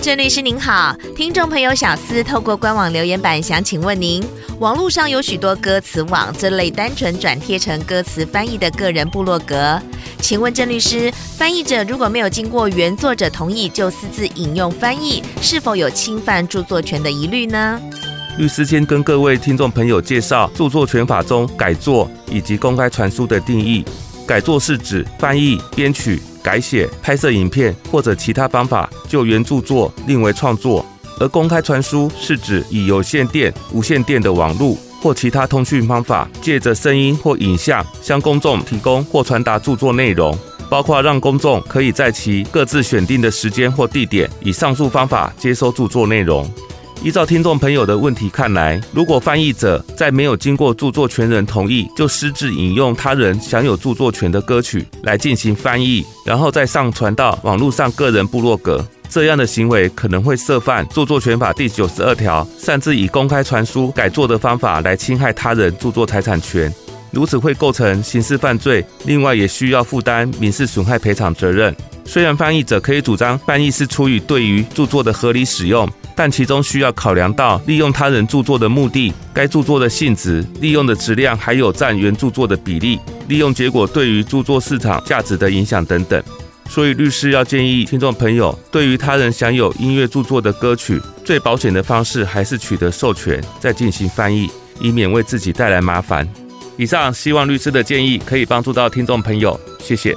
鄭律師您好，聽眾朋友小思透過官網留言板想請問您，網絡上有許多歌詞網這類單純轉貼成歌詞翻譯的個人部落格，請問鄭律師，翻譯者如果沒有經過原作者同意就私自引用翻譯，是否有侵犯著作權的疑慮呢？律師先跟各位聽眾朋友介紹著作權法中改作以及公開傳輸的定義。改作是指翻譯、編曲、改寫、拍攝影片或者其他方法就原著作另為創作；而公開傳輸是指以有線電、無線電的網路或其他通訊方法，借着聲音或影像向公眾提供或傳達著作內容，包括讓公眾可以在其各自選定的時間或地點，以上述方法接收著作內容。依照聽眾朋友的問題看來，如果翻譯者在沒有經過著作權人同意就私自引用他人享有著作權的歌曲來進行翻譯，然後再上傳到網絡上個人部落格，這樣的行為可能會涉犯《著作權法》第九十二條，擅自以公開傳輸改作的方法來侵害他人著作財產權，如此會構成刑事犯罪，另外也需要負擔民事損害賠償責任。雖然翻譯者可以主張翻譯是出於對於著作的合理使用，但其中需要考量到利用他人著作的目的、該著作的性質、利用的質量，還有佔原著作的比例、利用結果對於著作市場價值的影響等等。所以，律師要建議聽眾朋友，對於他人享有音樂著作的歌曲，最保險的方式還是取得授權再進行翻譯，以免為自己帶來麻煩。以上，希望律師的建議可以幫助到聽眾朋友，謝謝。